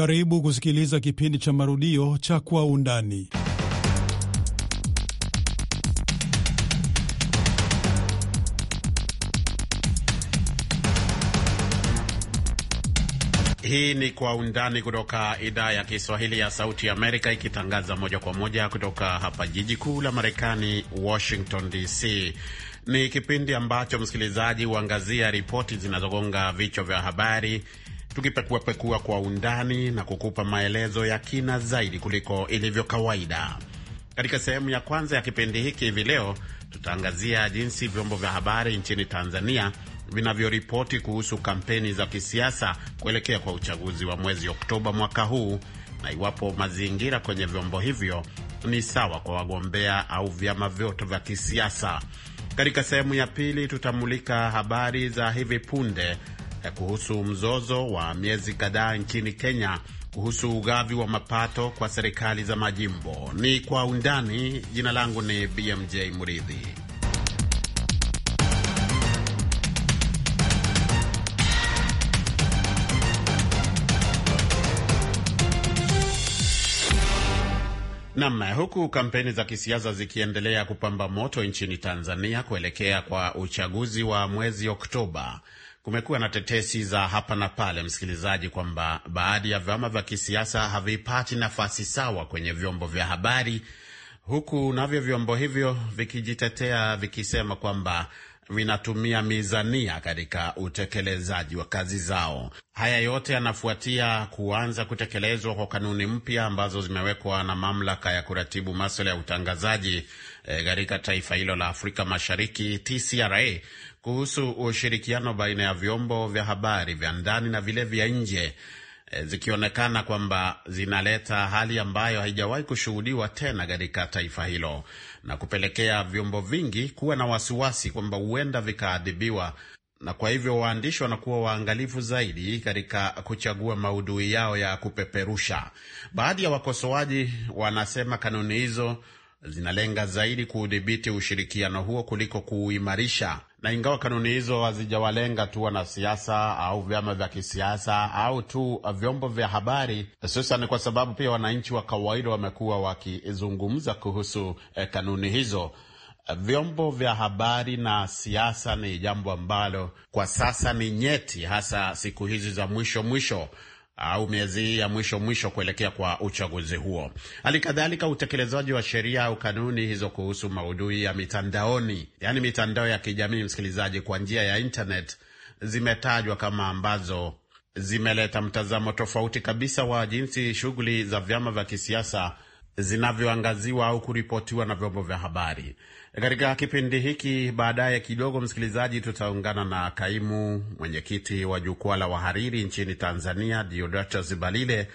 Karibu kusikiliza kipindi cha marudio cha Kwa Undani. Hii ni Kwa Undani kutoka idhaa ya Kiswahili ya Sauti ya Amerika, ikitangaza moja kwa moja kutoka hapa jiji kuu la Marekani, Washington DC. Ni kipindi ambacho msikilizaji huangazia ripoti zinazogonga vichwa vya habari tukipekuapekua kwa undani na kukupa maelezo ya kina zaidi kuliko ilivyo kawaida. Katika sehemu ya kwanza ya kipindi hiki hivi leo, tutaangazia jinsi vyombo vya habari nchini Tanzania vinavyoripoti kuhusu kampeni za kisiasa kuelekea kwa uchaguzi wa mwezi Oktoba mwaka huu na iwapo mazingira kwenye vyombo hivyo ni sawa kwa wagombea au vyama vyote vya kisiasa. Katika sehemu ya pili tutamulika habari za hivi punde Eh, kuhusu mzozo wa miezi kadhaa nchini Kenya kuhusu ugavi wa mapato kwa serikali za majimbo. Ni kwa undani. Jina langu ni BMJ Muridhi. Nam, huku kampeni za kisiasa zikiendelea kupamba moto nchini Tanzania kuelekea kwa uchaguzi wa mwezi Oktoba, Kumekuwa na tetesi za hapa na pale, msikilizaji, kwamba baadhi ya vyama vya kisiasa havipati nafasi sawa kwenye vyombo vya habari, huku navyo vyombo hivyo vikijitetea vikisema kwamba vinatumia mizania katika utekelezaji wa kazi zao. Haya yote yanafuatia kuanza kutekelezwa kwa kanuni mpya ambazo zimewekwa na mamlaka ya kuratibu maswala ya utangazaji eh, katika e, taifa hilo la Afrika Mashariki TCRA kuhusu ushirikiano baina ya vyombo vya habari vya ndani na vile vya nje Eh, zikionekana kwamba zinaleta hali ambayo haijawahi kushuhudiwa tena katika taifa hilo na kupelekea vyombo vingi kuwa na wasiwasi kwamba huenda vikaadhibiwa, na kwa hivyo waandishi wanakuwa waangalifu zaidi katika kuchagua maudhui yao ya kupeperusha. Baadhi ya wakosoaji wanasema kanuni hizo zinalenga zaidi kuudhibiti ushirikiano huo kuliko kuuimarisha na ingawa kanuni hizo hazijawalenga tu wanasiasa au vyama vya kisiasa au tu vyombo vya habari, hususan kwa sababu pia wananchi wa kawaida wamekuwa wakizungumza kuhusu eh, kanuni hizo. Vyombo vya habari na siasa ni jambo ambalo kwa sasa ni nyeti, hasa siku hizi za mwisho mwisho au miezi ya mwisho mwisho kuelekea kwa uchaguzi huo. Hali kadhalika utekelezaji wa sheria au kanuni hizo kuhusu maudhui ya mitandaoni, yaani mitandao ya kijamii, msikilizaji, kwa njia ya internet zimetajwa kama ambazo zimeleta mtazamo tofauti kabisa wa jinsi shughuli za vyama vya kisiasa zinavyoangaziwa au kuripotiwa na vyombo vya habari. Katika kipindi hiki baadaye kidogo, msikilizaji, tutaungana na kaimu mwenyekiti wa jukwaa la wahariri nchini Tanzania, Deodatus Balile,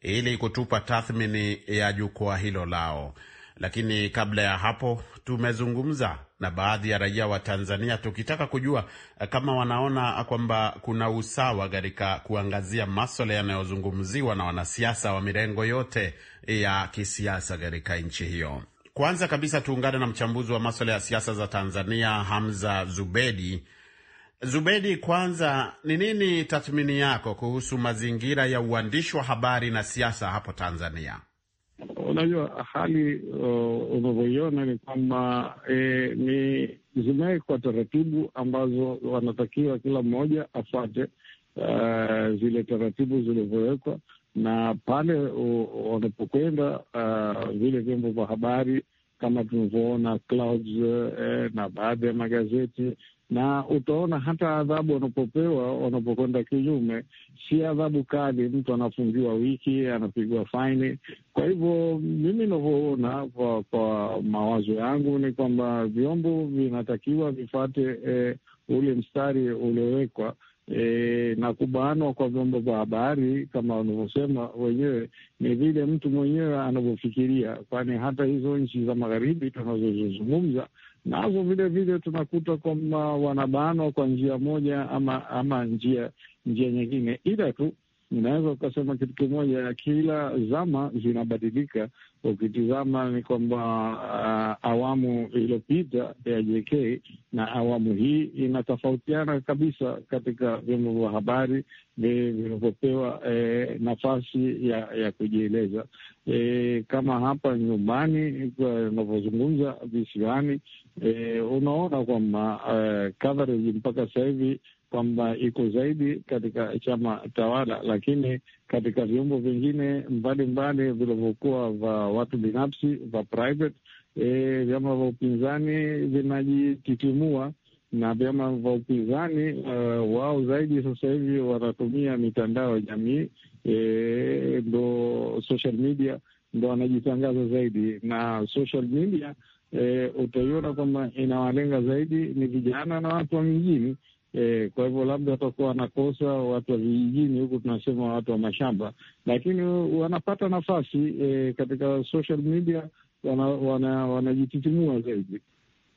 ili kutupa tathmini ya jukwaa hilo lao. Lakini kabla ya hapo, tumezungumza na baadhi ya raia wa Tanzania tukitaka kujua kama wanaona kwamba kuna usawa katika kuangazia maswala yanayozungumziwa na wanasiasa wa mirengo yote ya kisiasa katika nchi hiyo. Kwanza kabisa tuungane na mchambuzi wa maswala ya siasa za Tanzania, Hamza Zubedi. Zubedi, kwanza ni nini tathmini yako kuhusu mazingira ya uandishi wa habari na siasa hapo Tanzania? Unajua, hali unavyoiona ni kwamba e, ni zimewekwa taratibu ambazo wanatakiwa kila mmoja afuate, uh, e, zile taratibu zilivyowekwa na pale wanapokwenda uh, vile vyombo vya habari kama tunavyoona Clouds eh, na baadhi ya magazeti na utaona hata adhabu wanapopewa wanapokwenda kinyume, si adhabu kali. Mtu anafungiwa wiki, anapigwa faini. Kwa hivyo mimi ninavyoona kwa, kwa mawazo yangu ni kwamba vyombo vinatakiwa vifate eh, ule mstari uliowekwa e, na kubanwa kwa vyombo vya habari kama wanavyosema wenyewe, ni vile mtu mwenyewe anavyofikiria, kwani hata hizo nchi za magharibi tunazozizungumza nazo vile vile tunakuta kwamba wanabanwa kwa njia moja ama, ama njia njia nyingine, ila tu Unaweza ukasema kitu kimoja, kila zama zinabadilika. Ukitizama ni kwamba uh, awamu iliyopita ya JK na awamu hii inatofautiana kabisa katika vyombo vya habari vinavyopewa eh, nafasi ya, ya kujieleza eh, kama hapa nyumbani inavyozungumza visiwani eh, unaona kwamba eh, coverage mpaka sasa hivi kwamba iko zaidi katika chama tawala, lakini katika vyombo vingine mbalimbali vilivyokuwa vya watu binafsi vya private e, vyama vya upinzani vinajititimua na vyama vya upinzani uh, wao zaidi sasa hivi wanatumia mitandao ya jamii e, ndo social media ndo wanajitangaza zaidi, na social media e, utaiona kwamba inawalenga zaidi ni vijana na watu wa mjini E, kwa hivyo labda watakuwa wanakosa watu wa vijijini, huku tunasema watu wa mashamba, lakini wanapata nafasi e, katika social media wanajititimua wana, wana zaidi.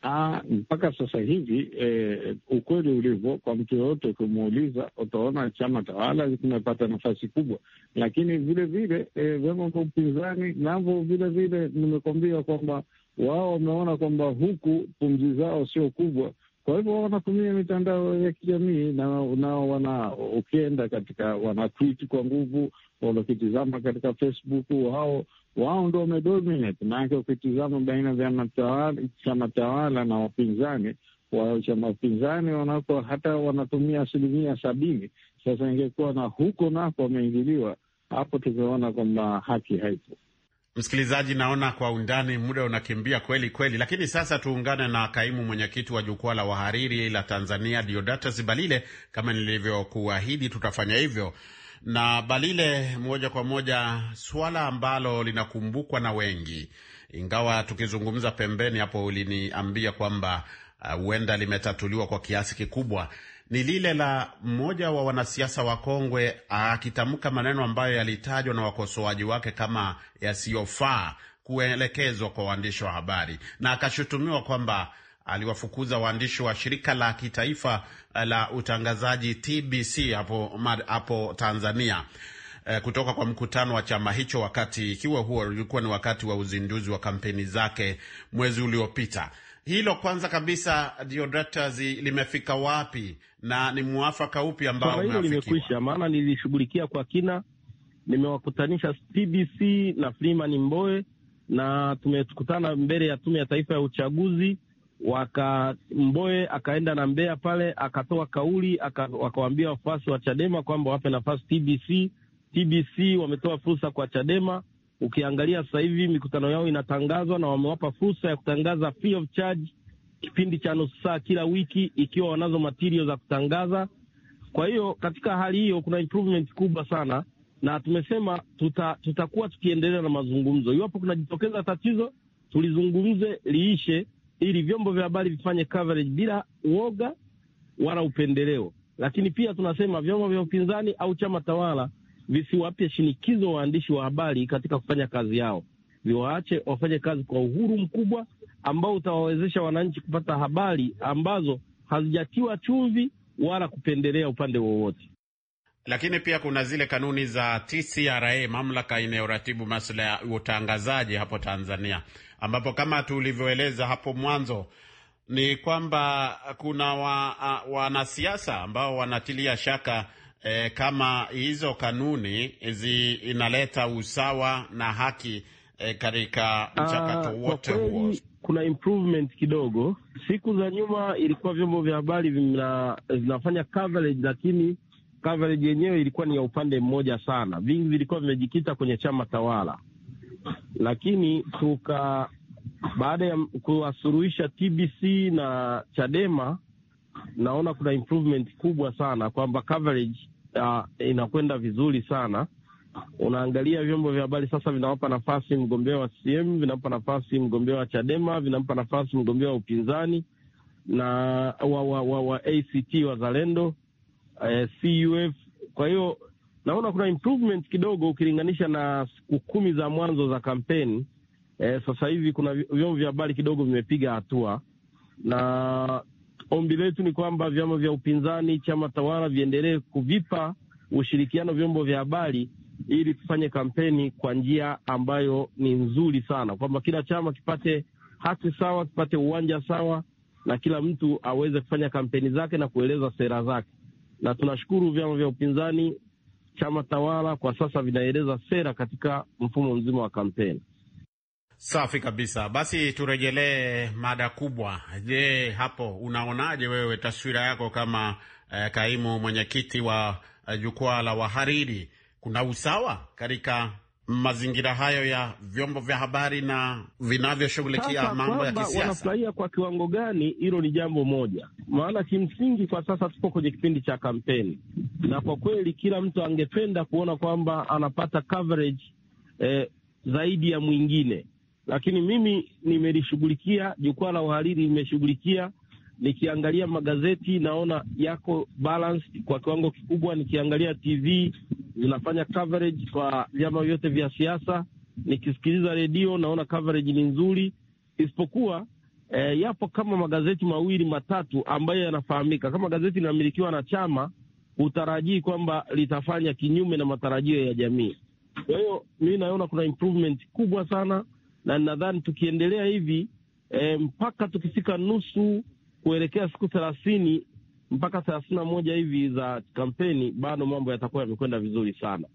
Aa, mpaka sasa hivi e, ukweli ulivyo kwa mtu yoyote ukimuuliza, utaona chama tawala kimepata nafasi kubwa, lakini vilevile e, vyama vya upinzani navyo vilevile, nimekwambia kwamba wao wameona kwamba huku pumzi zao sio kubwa kwa hivyo wanatumia mitandao ya kijamii na, na wana ukienda katika wanatwiti kwa nguvu, wanakitizama katika Facebook wao wao ndo wamedominate. Maanake ukitizama baina vya chama tawala na wapinzani wa chama wapinzani wanako hata wanatumia asilimia sabini. Sasa ingekuwa na huko nako wameingiliwa hapo, tumeona kwamba haki haipo. Msikilizaji, naona kwa undani muda unakimbia kweli kweli, lakini sasa tuungane na kaimu mwenyekiti wa jukwaa la wahariri la Tanzania, Deodatus Balile. Kama nilivyokuahidi, tutafanya hivyo na Balile moja kwa moja, swala ambalo linakumbukwa na wengi, ingawa tukizungumza pembeni hapo uliniambia kwamba uh, huenda uh, limetatuliwa kwa kiasi kikubwa ni lile la mmoja wa wanasiasa wakongwe akitamka maneno ambayo yalitajwa na wakosoaji wake kama yasiyofaa kuelekezwa kwa waandishi wa habari, na akashutumiwa kwamba aliwafukuza waandishi wa shirika la kitaifa la utangazaji TBC hapo, hapo Tanzania eh, kutoka kwa mkutano wa chama hicho, wakati ikiwa huo ulikuwa ni wakati wa uzinduzi wa kampeni zake mwezi uliopita hilo kwanza kabisa Deodratus limefika wapi na ni mwafaka upi ambao hilo limekwisha? Maana nilishughulikia kwa kina, nimewakutanisha TBC na Freeman Mbowe na tumekutana mbele ya Tume ya Taifa ya Uchaguzi waka Mboe akaenda na mbea pale akatoa kauli akawaambia wafuasi wa Chadema kwamba wape nafasi TBC. TBC wametoa fursa kwa Chadema, Ukiangalia sasa hivi mikutano yao inatangazwa na wamewapa fursa ya kutangaza free of charge kipindi cha nusu saa kila wiki, ikiwa wanazo material za kutangaza. Kwa hiyo katika hali hiyo kuna improvement kubwa sana, na tumesema tuta, tutakuwa tukiendelea na mazungumzo. Iwapo kunajitokeza tatizo, tulizungumze liishe, ili vyombo vya habari vifanye coverage bila uoga wala upendeleo. Lakini pia tunasema vyombo vya upinzani au chama tawala visiwape shinikizo waandishi wa habari katika kufanya kazi yao, viwaache wafanye kazi kwa uhuru mkubwa ambao utawawezesha wananchi kupata habari ambazo hazijatiwa chumvi wala kupendelea upande wowote. Lakini pia kuna zile kanuni za TCRA, mamlaka inayoratibu masuala ya utangazaji hapo Tanzania, ambapo kama tulivyoeleza hapo mwanzo ni kwamba kuna wanasiasa wa ambao wanatilia shaka e, kama hizo kanuni eh, zi inaleta usawa na haki e, katika ah, mchakato wote huo. Kuna improvement kidogo. Siku za nyuma ilikuwa vyombo vya habari vinafanya coverage, lakini coverage yenyewe ilikuwa ni ya upande mmoja sana. Vingi vilikuwa vimejikita kwenye chama tawala, lakini tuka baada ya kuwasuluhisha TBC na Chadema naona kuna improvement kubwa sana kwamba coverage uh, inakwenda vizuri sana. Unaangalia vyombo vya habari sasa vinawapa nafasi mgombea wa CCM, vinampa nafasi mgombea wa Chadema, vinampa nafasi mgombea wa upinzani na wa, wa, wa, wa ACT Wazalendo, eh, CUF. Kwa hiyo naona kuna improvement kidogo ukilinganisha na siku kumi za mwanzo za kampeni. Eh, sasa hivi kuna vyombo vya habari kidogo vimepiga hatua na Ombi letu ni kwamba vyama vya upinzani, chama tawala viendelee kuvipa ushirikiano vyombo vya habari ili tufanye kampeni kwa njia ambayo ni nzuri sana, kwamba kila chama kipate haki sawa, kipate uwanja sawa, na kila mtu aweze kufanya kampeni zake na kueleza sera zake. Na tunashukuru vyama vya upinzani, chama tawala kwa sasa vinaeleza sera katika mfumo mzima wa kampeni. Safi kabisa. Basi turejelee mada kubwa. Je, hapo unaonaje wewe taswira yako kama eh, kaimu mwenyekiti wa eh, jukwaa la wahariri, kuna usawa katika mazingira hayo ya vyombo vya habari na vinavyoshughulikia mambo ya kisiasa? Wanafurahia kwa kiwango gani? Hilo ni jambo moja, maana kimsingi kwa sasa tuko kwenye kipindi cha kampeni, na kwa kweli kila mtu angependa kuona kwamba anapata coverage eh, zaidi ya mwingine lakini mimi nimelishughulikia, jukwaa la uhariri limeshughulikia. Nikiangalia magazeti naona yako balanced kwa kiwango kikubwa. Nikiangalia TV zinafanya coverage kwa vyama vyote vya siasa. Nikisikiliza redio naona coverage ni nzuri, isipokuwa eh, yapo kama magazeti mawili matatu ambayo yanafahamika. Kama gazeti linamilikiwa na chama, hutarajii kwamba litafanya kinyume na matarajio ya jamii. Kwa hiyo mi naona kuna improvement kubwa sana na nadhani tukiendelea hivi e, mpaka tukifika nusu kuelekea siku thelathini mpaka thelathini na moja hivi za kampeni, bado mambo yatakuwa yamekwenda vizuri sana.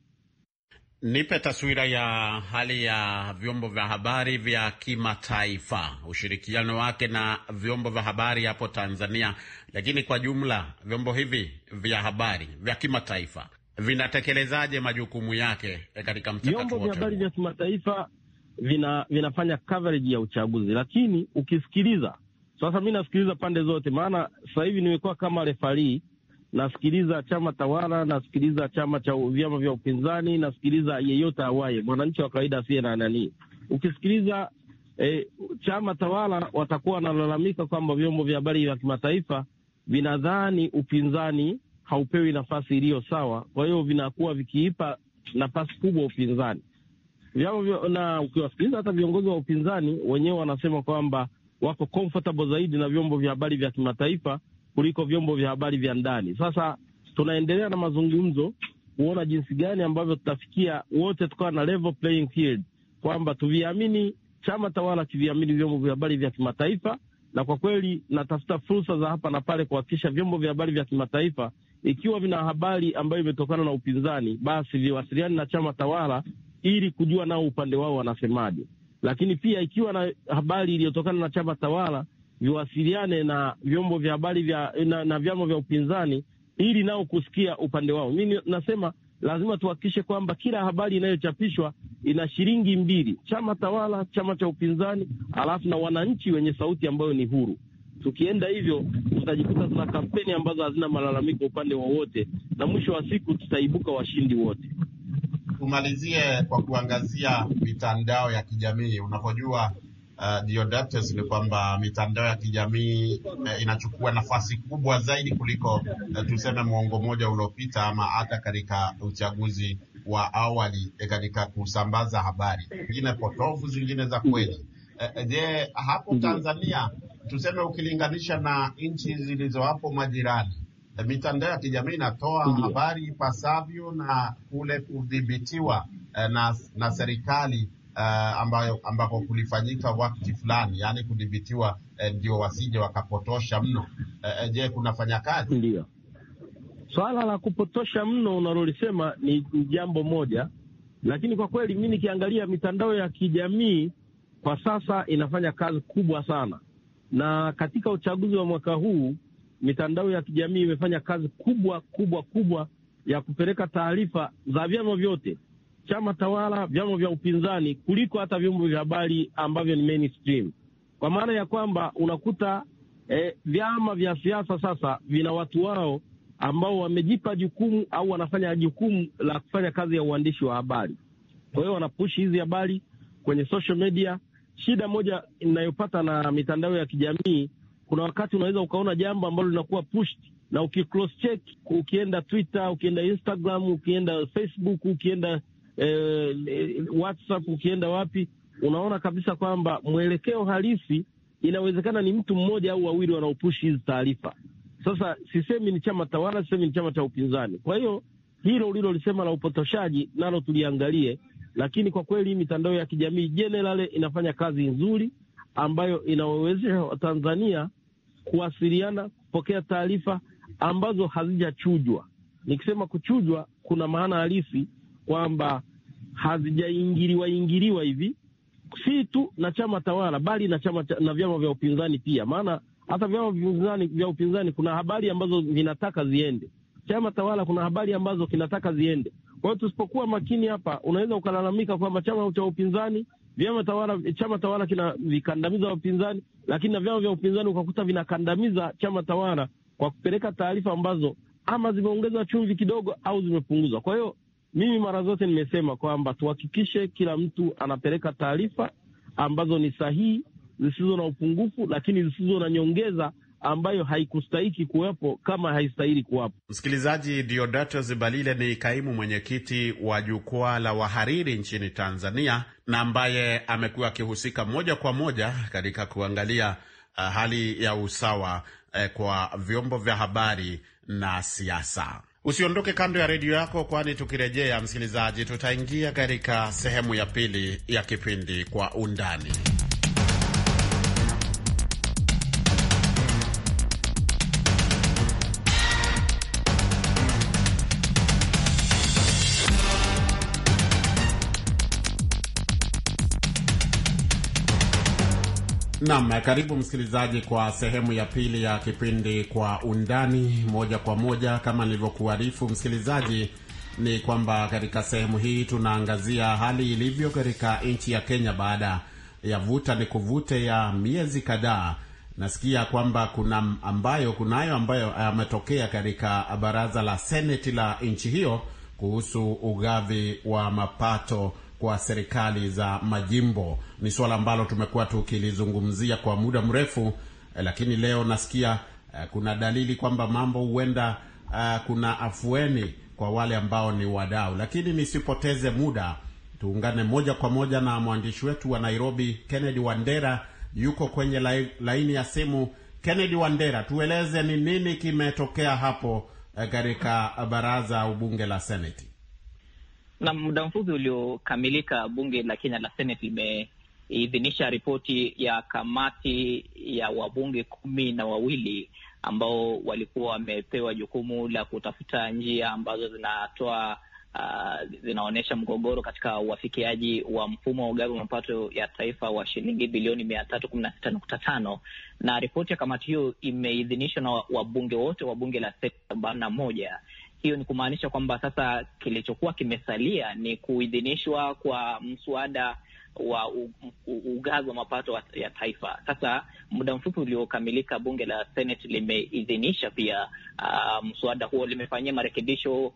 Nipe taswira ya hali ya vyombo vya habari vya kimataifa, ushirikiano wake na vyombo vya habari hapo Tanzania, lakini kwa jumla vyombo hivi vya habari vya kimataifa vinatekelezaje majukumu yake eh, katika mchakato wote? Vyombo vya habari vya kimataifa vina, vinafanya coverage ya uchaguzi, lakini ukisikiliza sasa, mi nasikiliza pande zote, maana sasa hivi nimekuwa kama refarii, nasikiliza chama tawala, nasikiliza chama cha vyama vya upinzani, nasikiliza yeyote awaye, mwananchi wa kawaida asiye na nani. Ukisikiliza e, chama tawala watakuwa wanalalamika kwamba vyombo vya habari vya kimataifa vinadhani upinzani haupewi nafasi iliyo sawa, kwa hiyo vinakuwa vikiipa nafasi kubwa upinzani vyama na ukiwasikiliza hata viongozi wa upinzani wenyewe wanasema kwamba wako comfortable zaidi na vyombo vya habari vya kimataifa kuliko vyombo vya habari vya ndani. Sasa tunaendelea na mazungumzo kuona jinsi gani ambavyo tutafikia wote tukawa na level playing field, kwamba tuviamini chama tawala kiviamini vyombo vya habari vya kimataifa. Na kwa kweli natafuta fursa za hapa na pale kuhakikisha vyombo vya habari vya kimataifa, ikiwa vina habari ambayo imetokana na upinzani, basi viwasiliani na chama tawala ili kujua nao upande wao wanasemaje. Lakini pia ikiwa na habari iliyotokana na chama tawala viwasiliane na vyombo vya habari vya na, na vyama vya upinzani ili nao kusikia upande wao. Mimi nasema lazima tuhakikishe kwamba kila habari inayochapishwa ina shilingi mbili, chama tawala, chama cha upinzani, alafu na wananchi wenye sauti ambayo ni huru. Tukienda hivyo, tutajikuta tuna kampeni ambazo hazina malalamiko upande wowote, na mwisho wa siku tutaibuka washindi wote tumalizie kwa kuangazia mitandao ya kijamii. Unavyojua uh, Deodatus, ni kwamba mitandao ya kijamii uh, inachukua nafasi kubwa zaidi kuliko uh, tuseme mwongo mmoja uliopita ama hata katika uchaguzi wa awali eh, katika kusambaza habari zingine potofu, zingine za kweli. Uh, je, hapo mm-hmm. Tanzania tuseme ukilinganisha na nchi zilizo hapo majirani E, mitandao ya kijamii inatoa habari ipasavyo na kule kudhibitiwa e, na, na serikali uh, ambayo ambako kulifanyika wakati fulani, yaani kudhibitiwa ndio, eh, wasije wakapotosha mno. Eh, je, fanya kazi? ndio swala la kupotosha mno unalolisema ni jambo moja, lakini kwa kweli mi nikiangalia mitandao ya kijamii kwa sasa inafanya kazi kubwa sana, na katika uchaguzi wa mwaka huu mitandao ya kijamii imefanya kazi kubwa kubwa kubwa ya kupeleka taarifa za vyama vyote, chama tawala, vyama vya upinzani, kuliko hata vyombo vya habari ambavyo ni mainstream, kwa maana ya kwamba unakuta eh, vyama vya siasa sasa vina watu wao ambao wamejipa jukumu au wanafanya jukumu la kufanya kazi ya uandishi wa habari. Kwa hiyo wanapushi hizi habari kwenye social media. Shida moja inayopata na mitandao ya kijamii kuna wakati unaweza ukaona jambo ambalo linakuwa pushed na ukicross check, ukienda Twitter, ukienda Instagram, ukienda Facebook, ukienda eh, WhatsApp, ukienda wapi, unaona kabisa kwamba mwelekeo halisi inawezekana ni mtu mmoja au wawili wanaopush hizi taarifa. Sasa sisemi ni chama tawala, sisemi ni chama cha upinzani. Kwa hiyo hilo ulilolisema la upotoshaji nalo tuliangalie, lakini kwa kweli mitandao ya kijamii jenerali inafanya kazi nzuri ambayo inawawezesha Watanzania kuwasiliana, kupokea taarifa ambazo hazijachujwa. Nikisema kuchujwa, kuna maana halisi kwamba hazijaingiliwa ingiliwa hivi, si tu na chama tawala, bali na chama na vyama vya upinzani pia. Maana hata vyama vya, vya upinzani kuna habari ambazo vinataka ziende, chama tawala kuna habari ambazo kinataka ziende. Kwa hiyo tusipokuwa makini hapa, unaweza ukalalamika kwamba chama cha upinzani vyama tawala, chama tawala kinavikandamiza wapinzani, lakini na vyama vya upinzani ukakuta vinakandamiza chama tawala kwa kupeleka taarifa ambazo ama zimeongeza chumvi kidogo au zimepunguzwa. Kwa hiyo mimi mara zote nimesema kwamba tuhakikishe kila mtu anapeleka taarifa ambazo ni sahihi, zisizo na upungufu, lakini zisizo na nyongeza ambayo haikustahiki kuwepo kama haistahili kuwapo. Msikilizaji, Diodatus Balile ni kaimu mwenyekiti wa jukwaa la wahariri nchini Tanzania na ambaye amekuwa akihusika moja kwa moja katika kuangalia uh, hali ya usawa uh, kwa vyombo vya habari na siasa. Usiondoke kando ya redio yako, kwani tukirejea, msikilizaji, tutaingia katika sehemu ya pili ya kipindi kwa undani. Naam, eh, karibu msikilizaji kwa sehemu ya pili ya kipindi Kwa Undani. Moja kwa moja, kama nilivyokuarifu msikilizaji, ni kwamba katika sehemu hii tunaangazia hali ilivyo katika nchi ya Kenya baada ya vuta ni kuvute ya miezi kadhaa. Nasikia kwamba kuna ambayo kunayo ambayo eh, yametokea katika baraza la seneti la nchi hiyo kuhusu ugavi wa mapato kwa serikali za majimbo. Ni suala ambalo tumekuwa tukilizungumzia kwa muda mrefu, eh, lakini leo nasikia eh, kuna dalili kwamba mambo huenda eh, kuna afueni kwa wale ambao ni wadau. Lakini nisipoteze muda, tuungane moja kwa moja na mwandishi wetu wa Nairobi, Kennedy Wandera yuko kwenye laini ya simu. Kennedy Wandera, tueleze ni nini kimetokea hapo katika baraza au bunge la Seneti? Na muda mfupi uliokamilika, bunge la Kenya la Senate limeidhinisha ripoti ya kamati ya wabunge kumi na wawili ambao walikuwa wamepewa jukumu la kutafuta njia ambazo zinatoa uh, zinaonyesha mgogoro katika uafikiaji wa mfumo wa ugavi wa mapato ya taifa wa shilingi bilioni mia tatu kumi na sita nukta tano na ripoti ya kamati hiyo imeidhinishwa na wabunge wote wa bunge la arobaini na moja hiyo ni kumaanisha kwamba sasa kilichokuwa kimesalia ni kuidhinishwa kwa mswada wa ugavi wa mapato ya taifa. Sasa muda mfupi uliokamilika, bunge la Senate limeidhinisha pia uh, mswada huo, limefanyia marekebisho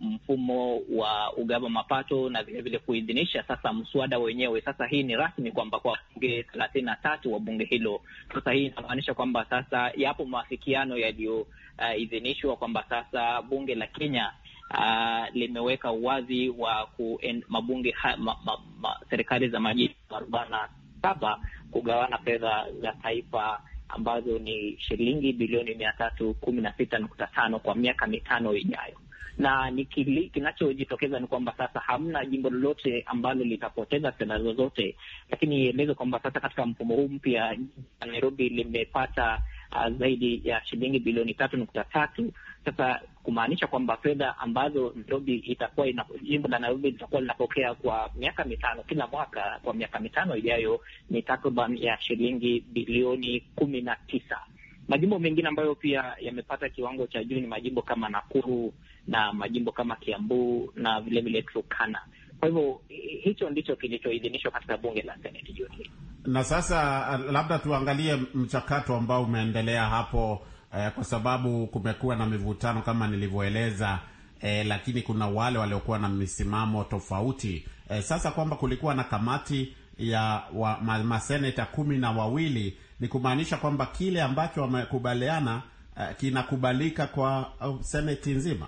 mfumo wa ugavi wa mapato na vilevile kuidhinisha sasa mswada wenyewe. Sasa hii ni rasmi kwamba kwa bunge thelathini na tatu wa bunge hilo. Sasa hii inamaanisha kwamba sasa yapo mawafikiano yaliyo uh, idhinishwa kwamba sasa bunge la Kenya uh, limeweka uwazi wa mabunge ha, ma, ma, ma, serikali za majimbo arobaini na saba kugawana fedha za taifa ambazo ni shilingi bilioni mia tatu kumi na sita nukta tano kwa miaka mitano ijayo na kinachojitokeza ni kwamba sasa hamna jimbo lolote ambalo litapoteza fedha zozote, lakini ieleze kwamba sasa katika mfumo huu mpya Nairobi limepata uh, zaidi ya shilingi bilioni tatu nukta tatu. Sasa kumaanisha kwamba fedha ambazo Nairobi itakuwa ina, jimbo la Nairobi litakuwa linapokea kwa miaka mitano kila mwaka kwa miaka mitano ijayo ni takriban ya shilingi bilioni kumi na tisa. Majimbo mengine ambayo pia yamepata kiwango cha juu ni majimbo kama Nakuru na majimbo kama Kiambu na vilevile Turkana. Kwa hivyo hicho ndicho kilichoidhinishwa katika bunge la seneti hii. Na sasa eh, labda tuangalie mchakato ambao umeendelea hapo eh, kwa sababu kumekuwa na mivutano kama nilivyoeleza eh, lakini kuna wale waliokuwa na misimamo tofauti eh, sasa kwamba kulikuwa na kamati ya wa, ma, maseneta kumi na wawili ni kumaanisha kwamba kile ambacho wamekubaliana eh, kinakubalika kwa uh, seneti nzima.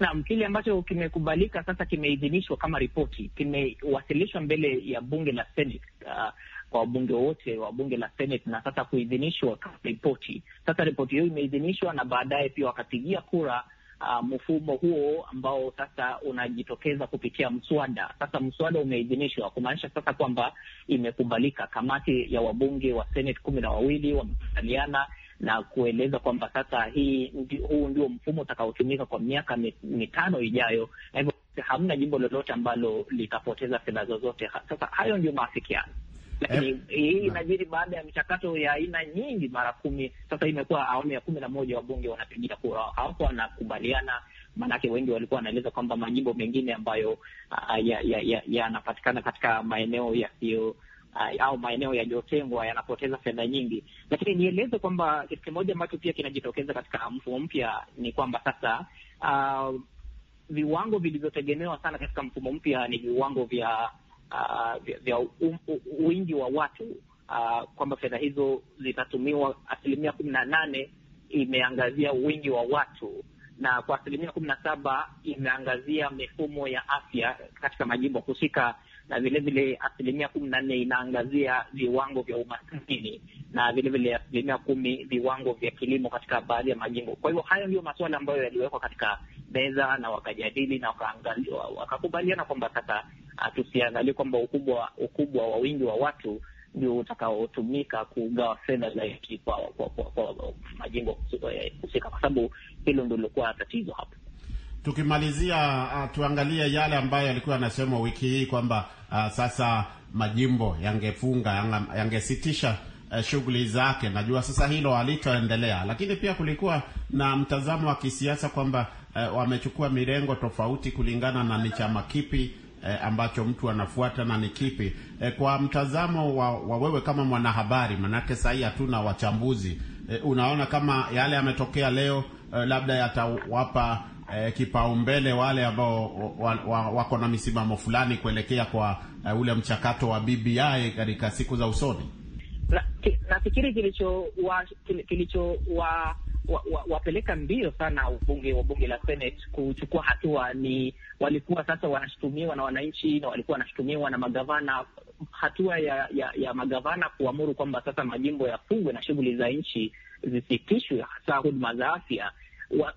Naam, kile ambacho kimekubalika sasa, kimeidhinishwa kama ripoti, kimewasilishwa mbele ya bunge la Senate uh, kwa wabunge wote wa bunge la Senate na sasa kuidhinishwa kama ripoti. Sasa ripoti hiyo imeidhinishwa na baadaye pia wakapigia kura uh, mfumo huo ambao sasa unajitokeza kupitia mswada. Sasa mswada umeidhinishwa, kumaanisha sasa kwamba imekubalika. Kamati ya wabunge wa Senate kumi na wawili wamekubaliana na kueleza kwamba sasa hii huu ndio mfumo utakaotumika kwa miaka mitano ijayo, na hivyo hamna jimbo lolote ambalo litapoteza fedha zozote. Sasa hayo ndio maafikiano lakini eh, hii inajiri baada ya michakato ya aina nyingi, mara kumi. Sasa imekuwa awamu ya kumi na moja wabunge wanapigia kura, hawako wanakubaliana. Maanake wengi walikuwa wanaeleza kwamba majimbo mengine ambayo yanapatikana ah, ya, ya, ya katika maeneo yasiyo uh, au maeneo yaliyotengwa yanapoteza fedha nyingi. Lakini nieleze kwamba kitu kimoja ambacho pia kinajitokeza katika mfumo mpya ni kwamba sasa uh, viwango vilivyotegemewa sana katika mfumo mpya ni viwango vya uh, vya, vya um, wingi wa watu uh, kwamba fedha hizo zitatumiwa. Asilimia kumi na nane imeangazia wingi wa watu na kwa asilimia kumi na saba imeangazia mifumo ya afya katika majimbo husika na vilevile asilimia kumi na nne inaangazia viwango vya umaskini na vilevile asilimia kumi viwango vya kilimo katika baadhi ya majimbo. Kwa hivyo hayo ndio masuala ambayo yaliwekwa katika meza na wakajadili na wakakubaliana kwamba sasa ah, tusiangalie kwamba ukubwa ukubwa wa wingi wa watu ndio utakaotumika kugawa fedha zaidi kwa, kwa, kwa, kwa majimbo husika, kwa sababu hilo ndio lilikuwa tatizo hapo. Tukimalizia uh, tuangalie yale ambayo yalikuwa yanasemwa wiki hii kwamba uh, sasa majimbo yangefunga yangesitisha uh, shughuli zake. Najua sasa hilo halitoendelea, lakini pia kulikuwa na mtazamo wa kisiasa kwamba uh, wamechukua mirengo tofauti kulingana na ni chama kipi uh, ambacho mtu anafuata na ni kipi. Uh, kwa mtazamo wa, wa wewe kama mwanahabari, manake sahii hatuna wachambuzi uh, unaona kama yale yametokea leo uh, labda yatawapa eh, kipaumbele wale ambao wako na misimamo fulani kuelekea kwa eh, ule mchakato wa BBI katika siku za usoni? Nafikiri kilichowa kilicho wa wapeleka wa, wa mbio sana ubunge wa bunge la Senate kuchukua hatua ni walikuwa sasa wanashutumiwa na wananchi na walikuwa wanashutumiwa na magavana. Hatua ya, ya, ya magavana kuamuru kwamba sasa majimbo yafungwe na shughuli za nchi zisitishwe, hasa huduma za afya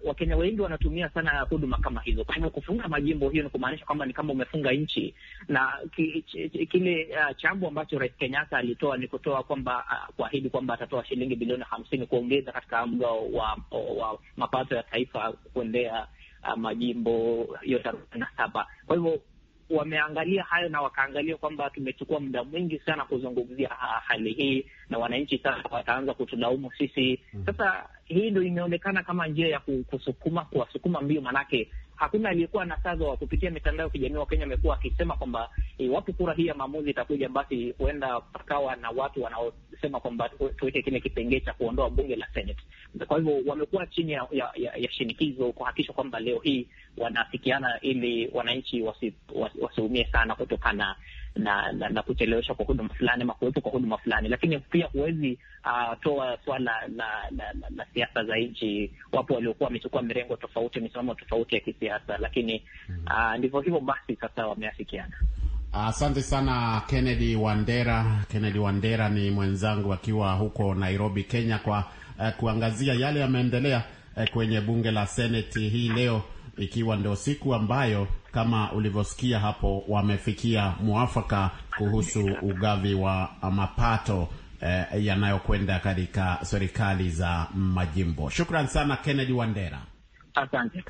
Wakenya wa wengi wanatumia sana huduma kama hizo. Kwa hivyo kufunga majimbo, hiyo ni kumaanisha kwamba ni kama umefunga nchi, na ki, ch, ch, kile uh, chambo ambacho Rais Kenyatta alitoa ni kutoa kwamba uh, kuahidi kwamba atatoa shilingi bilioni hamsini kuongeza katika mgao wa, wa, wa mapato ya taifa kuendea uh, majimbo yote arobaini na saba. Kwa hivyo wameangalia hayo na wakaangalia kwamba tumechukua muda mwingi sana kuzungumzia hali hii, na wananchi sasa wataanza kutulaumu sisi. Mm. Sasa hii ndo imeonekana kama njia ya kusukuma kuwasukuma mbio, manake hakuna aliyekuwa na sadha wa kupitia mitandao ya kijamii. Wakenya wamekuwa akisema kwamba iwapo kura hii ya maamuzi itakuja, basi huenda pakawa na watu wanaosema kwamba tuweke kile kipengee cha kuondoa bunge la Senate. Kwa hivyo wamekuwa chini ya, ya, ya, ya shinikizo kuhakikisha kwamba leo hii wanafikiana ili wananchi wasiumie wasi sana kutokana na, na, na kuchelewesha kwa huduma fulani ama kuwepo kwa huduma fulani, lakini pia huwezi uh, toa swala la, la, la, la siasa za nchi. Wapo waliokuwa wamechukua mirengo tofauti, misimamo tofauti ya kisiasa, lakini uh, ndivyo hivyo basi sasa wameafikiana. Ah, asante uh, sana Kennedy Wandera. Kennedy Wandera ni mwenzangu akiwa huko Nairobi, Kenya, kwa uh, kuangazia yale yameendelea uh, kwenye bunge la seneti hii leo, ikiwa ndio siku ambayo kama ulivyosikia hapo, wamefikia mwafaka kuhusu ugavi wa mapato eh, yanayokwenda katika serikali za majimbo. Shukran sana Kennedy Wandera, asante.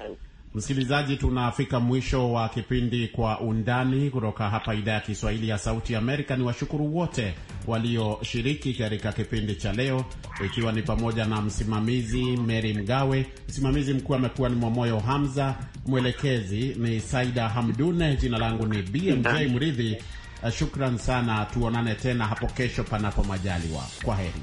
Msikilizaji, tunafika mwisho wa kipindi Kwa Undani kutoka hapa idhaa ya Kiswahili ya Sauti Amerika. Ni washukuru wote walioshiriki katika kipindi cha leo, ikiwa ni pamoja na msimamizi Meri Mgawe, msimamizi mkuu amekuwa ni Mwamoyo Hamza, mwelekezi ni Saida Hamdune, jina langu ni BMJ Mridhi. Shukran sana, tuonane tena hapo kesho, panapo majaliwa. Kwa heri.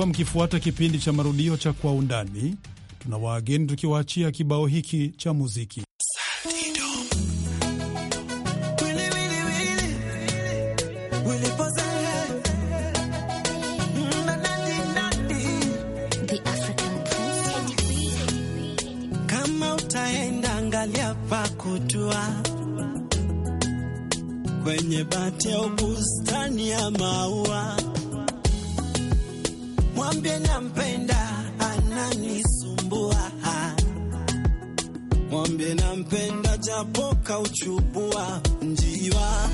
mlikuwa mkifuata kipindi cha marudio cha Kwa Undani. Tuna waageni tukiwaachia kibao hiki cha muziki. Kama utaenda angalia pa kutua kwenye bati ya bustani ya maua mwambie nampenda, ananisumbua. Mwambie nampenda, japo kauchubua njiwa.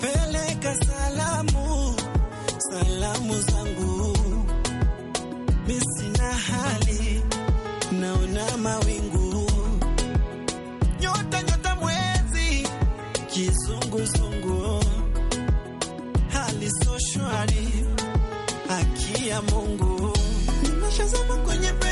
Peleka salamu, salamu zangu, misina hali, naona mawingu, nyota nyota, mwezi kizunguzungu, hali so shwari ya Mungu nimeshazama kwenye